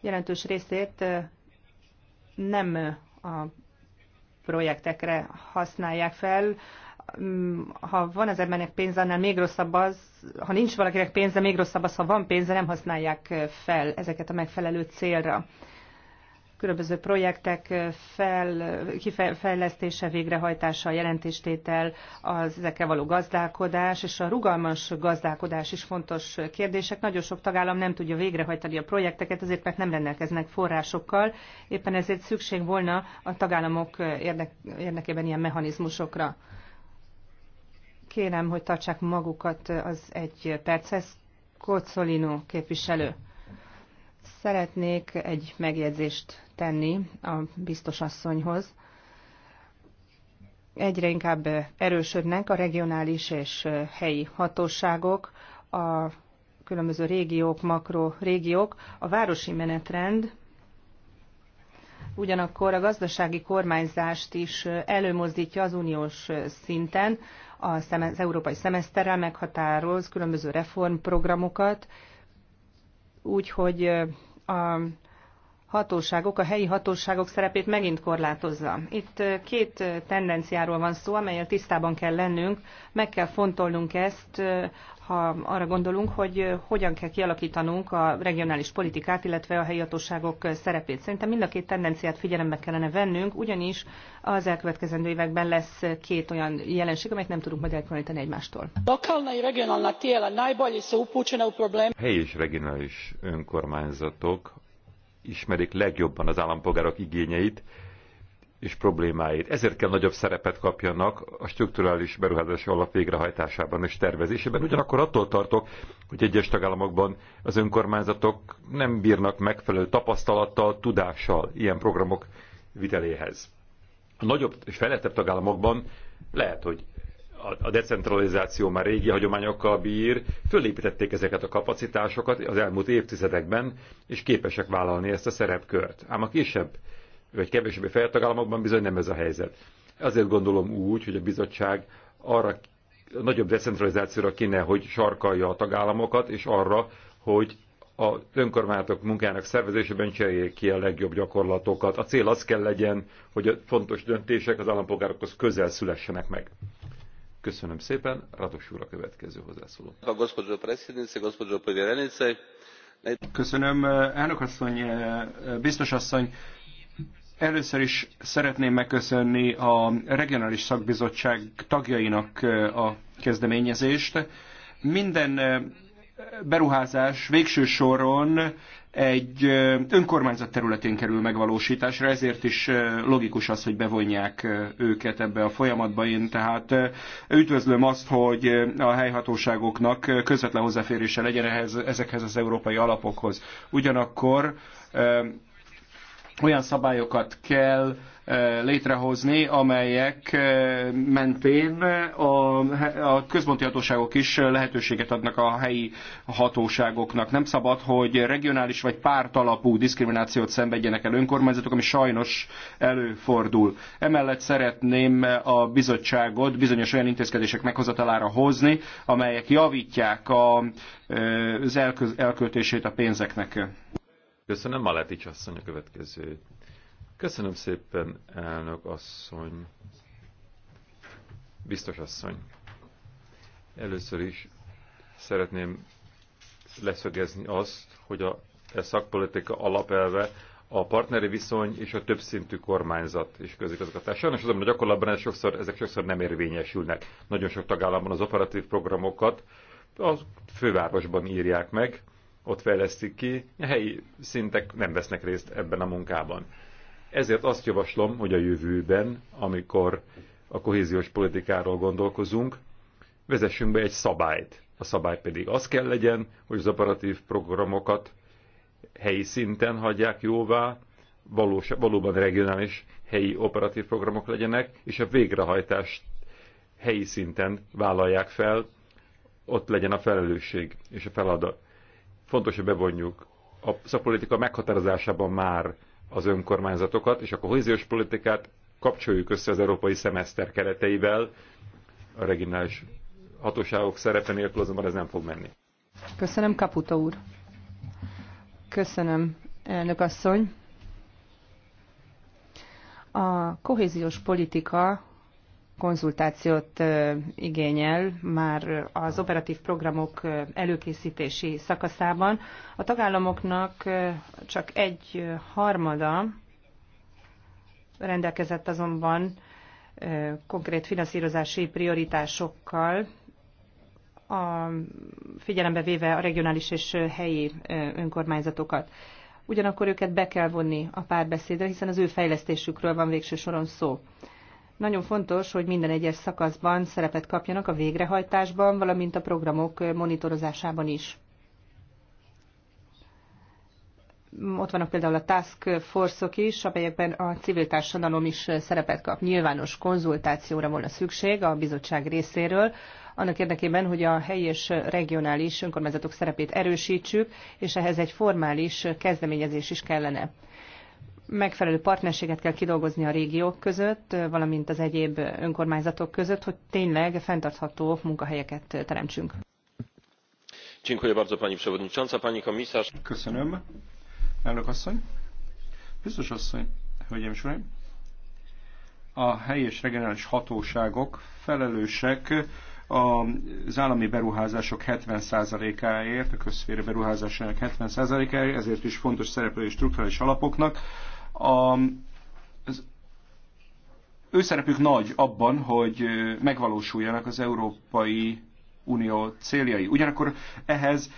jelentős részét nem a projektekre használják fel, Mm, ha van az embernek pénze, annál még rosszabb az, ha nincs valakinek pénze, még rosszabb az, ha van pénze, nem használják fel ezeket a megfelelő célra. Különböző projektek fel, kifejlesztése, végrehajtása, jelentéstétel, az ezekkel való gazdálkodás, és a rugalmas gazdálkodás is fontos kérdések. Nagyon sok tagállam nem tudja végrehajtani a projekteket, azért mert nem rendelkeznek forrásokkal, éppen ezért szükség volna a tagállamok érdekében ilyen mechanizmusokra. Kérem, hogy tartsák magukat az egy perchez. Kocolino képviselő. Szeretnék egy megjegyzést tenni a biztos asszonyhoz. Egyre inkább erősödnek a regionális és helyi hatóságok, a különböző régiók, makro régiók, a városi menetrend ugyanakkor a gazdasági kormányzást is előmozdítja az uniós szinten, az európai szemeszterrel meghatároz különböző reformprogramokat, úgyhogy a hatóságok, a helyi hatóságok szerepét megint korlátozza. Itt két tendenciáról van szó, amelyel tisztában kell lennünk, meg kell fontolnunk ezt, ha arra gondolunk, hogy hogyan kell kialakítanunk a regionális politikát, illetve a helyi hatóságok szerepét. Szerintem mind a két tendenciát figyelembe kellene vennünk, ugyanis az elkövetkezendő években lesz két olyan jelenség, amelyet nem tudunk majd elkülöníteni egymástól. Helyi és regionális önkormányzatok ismerik legjobban az állampolgárok igényeit és problémáit. Ezért kell nagyobb szerepet kapjanak a strukturális beruházási alap végrehajtásában és tervezésében. Ugyanakkor attól tartok, hogy egyes tagállamokban az önkormányzatok nem bírnak megfelelő tapasztalattal, tudással ilyen programok viteléhez. A nagyobb és fejlettebb tagállamokban lehet, hogy a decentralizáció már régi hagyományokkal bír, fölépítették ezeket a kapacitásokat az elmúlt évtizedekben, és képesek vállalni ezt a szerepkört. Ám a kisebb vagy kevésbé fejlett bizony nem ez a helyzet. Azért gondolom úgy, hogy a bizottság arra a nagyobb decentralizációra kéne, hogy sarkalja a tagállamokat, és arra, hogy a önkormányzatok munkának szervezésében cseréljék ki a legjobb gyakorlatokat. A cél az kell legyen, hogy a fontos döntések az állampolgárokhoz közel szülessenek meg. Köszönöm szépen, Rados úr a következő hozzászóló. Köszönöm, eh, elnök asszony, eh, biztos asszony. Először is szeretném megköszönni a regionális szakbizottság tagjainak eh, a kezdeményezést. Minden beruházás végső soron egy önkormányzat területén kerül megvalósításra, ezért is logikus az, hogy bevonják őket ebbe a folyamatba. Én tehát üdvözlöm azt, hogy a helyhatóságoknak közvetlen hozzáférése legyen ehhez, ezekhez az európai alapokhoz. Ugyanakkor olyan szabályokat kell létrehozni, amelyek mentén a, a központi hatóságok is lehetőséget adnak a helyi hatóságoknak. Nem szabad, hogy regionális vagy pártalapú diszkriminációt szenvedjenek el önkormányzatok, ami sajnos előfordul. Emellett szeretném a bizottságot bizonyos olyan intézkedések meghozatalára hozni, amelyek javítják a, az elköltését a pénzeknek. Köszönöm, Maletics asszony a következő Köszönöm szépen, elnök asszony. Biztos asszony. Először is szeretném leszögezni azt, hogy a, e szakpolitika alapelve a partneri viszony és a többszintű kormányzat és közigazgatás. Sajnos azonban a gyakorlatban ez sokszor, ezek sokszor nem érvényesülnek. Nagyon sok tagállamban az operatív programokat a fővárosban írják meg, ott fejlesztik ki, a helyi szintek nem vesznek részt ebben a munkában. Ezért azt javaslom, hogy a jövőben, amikor a kohéziós politikáról gondolkozunk, vezessünk be egy szabályt. A szabály pedig az kell legyen, hogy az operatív programokat helyi szinten hagyják jóvá, valós, valóban regionális helyi operatív programok legyenek, és a végrehajtást helyi szinten vállalják fel, ott legyen a felelősség és a feladat. Fontos, hogy bevonjuk a szakpolitika meghatározásában már az önkormányzatokat, és a kohéziós politikát kapcsoljuk össze az európai szemeszter kereteivel, a regionális hatóságok szerepe nélkül azonban ez nem fog menni. Köszönöm, Kaputa úr. Köszönöm, elnök asszony. A kohéziós politika konzultációt igényel már az operatív programok előkészítési szakaszában. A tagállamoknak csak egy harmada rendelkezett azonban konkrét finanszírozási prioritásokkal, a, figyelembe véve a regionális és helyi önkormányzatokat. Ugyanakkor őket be kell vonni a párbeszédre, hiszen az ő fejlesztésükről van végső soron szó. Nagyon fontos, hogy minden egyes szakaszban szerepet kapjanak a végrehajtásban, valamint a programok monitorozásában is. Ott vannak például a task force-ok is, amelyekben a civil társadalom is szerepet kap. Nyilvános konzultációra volna szükség a bizottság részéről, annak érdekében, hogy a helyi és regionális önkormányzatok szerepét erősítsük, és ehhez egy formális kezdeményezés is kellene megfelelő partnerséget kell kidolgozni a régiók között, valamint az egyéb önkormányzatok között, hogy tényleg fenntartható munkahelyeket teremtsünk. Köszönöm. Elnök asszony. Biztos asszony, hölgyeim és uraim. A helyi és regionális hatóságok felelősek az állami beruházások 70%-áért, a közszféra beruházásának 70%-áért, ezért is fontos szereplői struktúrális alapoknak. A, az ő szerepük nagy abban, hogy megvalósuljanak az Európai Unió céljai. Ugyanakkor ehhez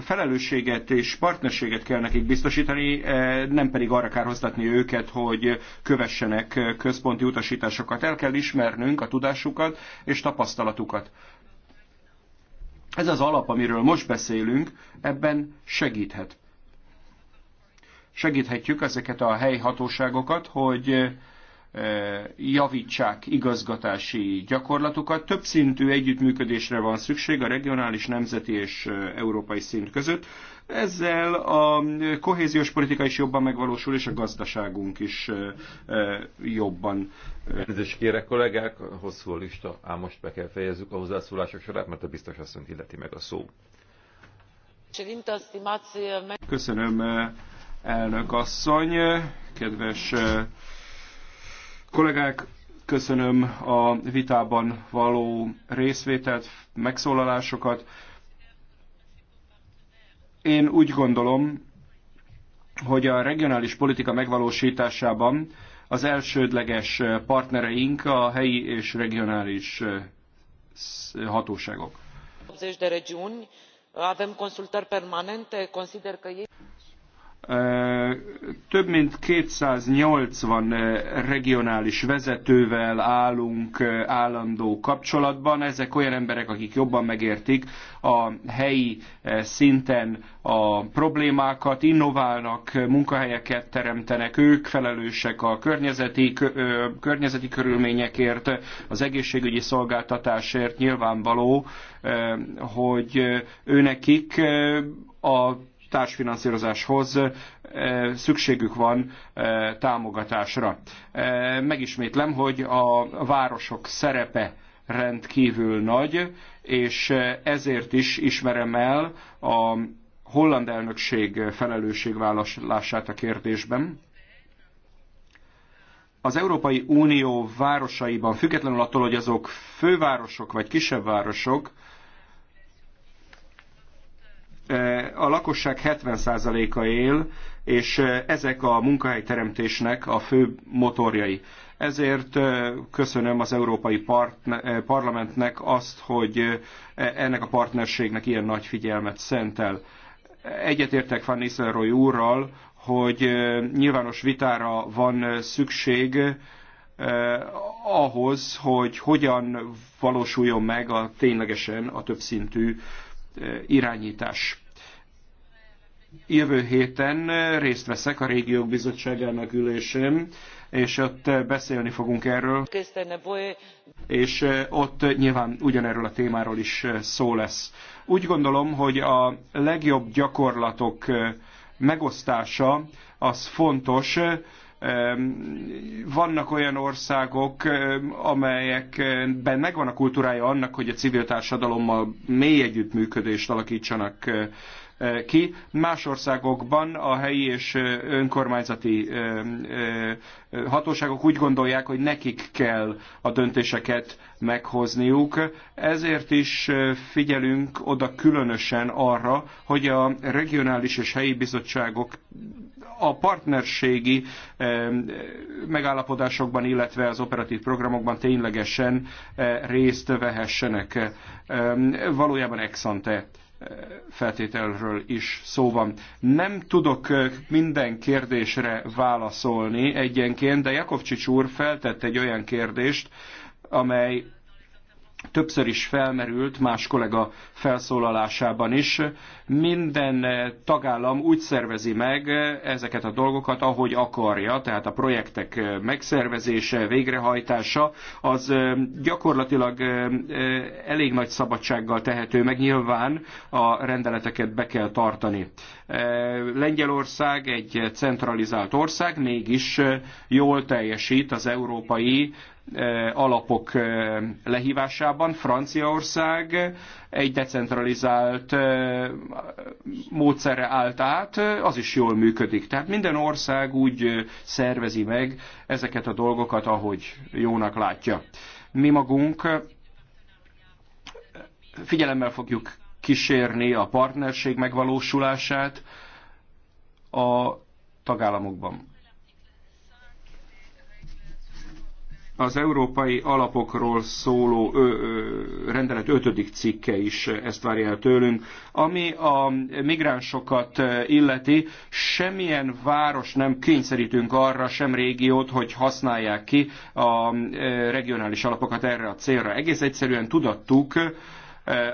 felelősséget és partnerséget kell nekik biztosítani, eh, nem pedig arra kárhoztatni őket, hogy kövessenek központi utasításokat. El kell ismernünk a tudásukat és tapasztalatukat. Ez az alap, amiről most beszélünk, ebben segíthet. Segíthetjük ezeket a helyi hatóságokat, hogy javítsák igazgatási gyakorlatukat. Több szintű együttműködésre van szükség a regionális, nemzeti és európai szint között. Ezzel a kohéziós politika is jobban megvalósul, és a gazdaságunk is jobban. Elnézést kérek, kollégák, hosszú a lista, ám most be kell fejezzük a hozzászólások sorát, mert a biztos asszony illeti meg a szó. Köszönöm, elnök asszony, kedves Kollégák, köszönöm a vitában való részvételt, megszólalásokat. Én úgy gondolom, hogy a regionális politika megvalósításában az elsődleges partnereink a helyi és regionális eh, hatóságok. 80 de regiuni avem consultări permanente, consider că ei több mint 280 regionális vezetővel állunk állandó kapcsolatban. Ezek olyan emberek, akik jobban megértik a helyi szinten a problémákat, innoválnak, munkahelyeket teremtenek, ők felelősek a környezeti, környezeti körülményekért, az egészségügyi szolgáltatásért nyilvánvaló, hogy őnekik a társfinanszírozáshoz szükségük van támogatásra. Megismétlem, hogy a városok szerepe rendkívül nagy, és ezért is ismerem el a holland elnökség felelősségvállalását a kérdésben. Az Európai Unió városaiban, függetlenül attól, hogy azok fővárosok vagy kisebb városok, Eh, a lakosság 70%-a él, és eh, ezek a munkahelyteremtésnek a fő motorjai. Ezért eh, köszönöm az Európai Parlamentnek azt, hogy e-, ennek a partnerségnek ilyen nagy figyelmet szentel. Egyetértek Van Nistelrooy úrral, hogy nyilvános vitára van szükség ahhoz, hogy hogyan valósuljon meg a ténylegesen a többszintű irányítás. Jövő héten részt veszek a Régiók Bizottságának ülésén, és ott beszélni fogunk erről. És ott nyilván ugyanerről a témáról is szó lesz. Úgy gondolom, hogy a legjobb gyakorlatok megosztása az fontos, vannak olyan országok, amelyekben megvan a kultúrája annak, hogy a civil társadalommal mély együttműködést alakítsanak ki. Más országokban a helyi és önkormányzati hatóságok úgy gondolják, hogy nekik kell a döntéseket meghozniuk. Ezért is figyelünk oda különösen arra, hogy a regionális és helyi bizottságok a partnerségi megállapodásokban, illetve az operatív programokban ténylegesen részt vehessenek. Valójában ex ante feltételről is szó van. Nem tudok minden kérdésre válaszolni egyenként, de Jakovcsics úr feltett egy olyan kérdést, amely többször is felmerült más kollega felszólalásában is. Minden tagállam úgy szervezi meg ezeket a dolgokat, ahogy akarja, tehát a projektek megszervezése, végrehajtása, az gyakorlatilag elég nagy szabadsággal tehető meg, nyilván a rendeleteket be kell tartani. Lengyelország egy centralizált ország, mégis jól teljesít az európai Eh, alapok eh, lehívásában Franciaország egy decentralizált eh, módszere állt át, az is jól működik. Tehát minden ország úgy szervezi meg ezeket a dolgokat, ahogy jónak látja. Mi magunk figyelemmel fogjuk kísérni a partnerség megvalósulását a tagállamokban. Az európai alapokról szóló ö, ö, rendelet ötödik cikke is ezt várja el tőlünk. Ami a migránsokat illeti, semmilyen város nem kényszerítünk arra, sem régiót, hogy használják ki a regionális alapokat erre a célra. Egész egyszerűen tudattuk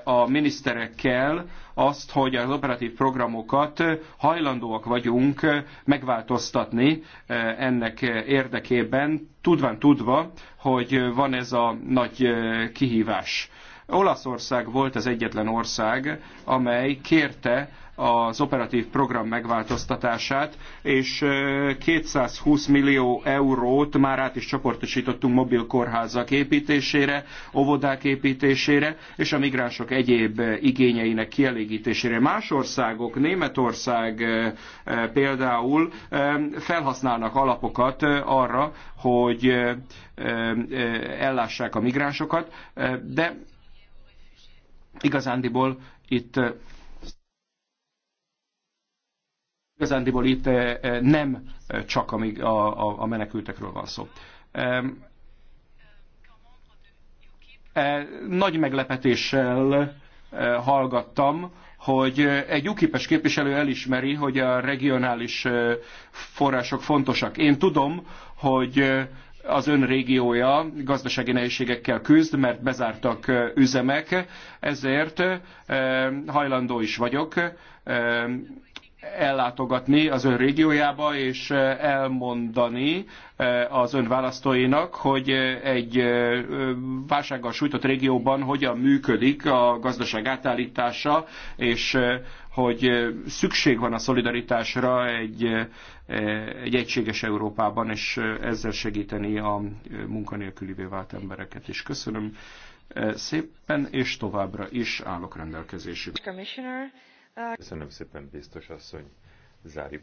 a miniszterekkel, azt, hogy az operatív programokat hajlandóak vagyunk megváltoztatni eh, ennek érdekében, tudván tudva, hogy van ez a nagy eh, kihívás Olaszország volt az egyetlen ország, amely kérte az operatív program megváltoztatását, és 220 millió eurót már át is csoportosítottunk mobil kórházak építésére, óvodák építésére, és a migránsok egyéb igényeinek kielégítésére. Más országok, Németország például felhasználnak alapokat arra, hogy ellássák a migránsokat, de Igazándiból itt eh, igazándiból itt eh, eh, nem csak amíg a, a, a menekültekről van szó. Nagy meglepetéssel hallgattam, hogy egy ukipes képviselő elismeri, hogy a regionális források fontosak. Én tudom, hogy az ön régiója gazdasági nehézségekkel küzd, mert bezártak üzemek, ezért hajlandó is vagyok ellátogatni az ön régiójába, és elmondani az ön választóinak, hogy egy válsággal sújtott régióban hogyan működik a gazdaság átállítása, és hogy szükség van a szolidaritásra egy, egy egységes Európában, és ezzel segíteni a munkanélkülivé vált embereket is. Köszönöm szépen, és továbbra is állok rendelkezésükre. Uh, Köszönöm szépen, biztos asszony. Zárjuk